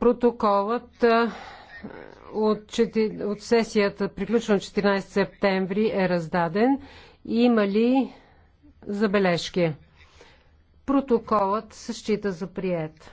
Протоколът от, от сесията, приключен 14 септември, е раздаден. Има ли забележки? Протоколът се счита за прият.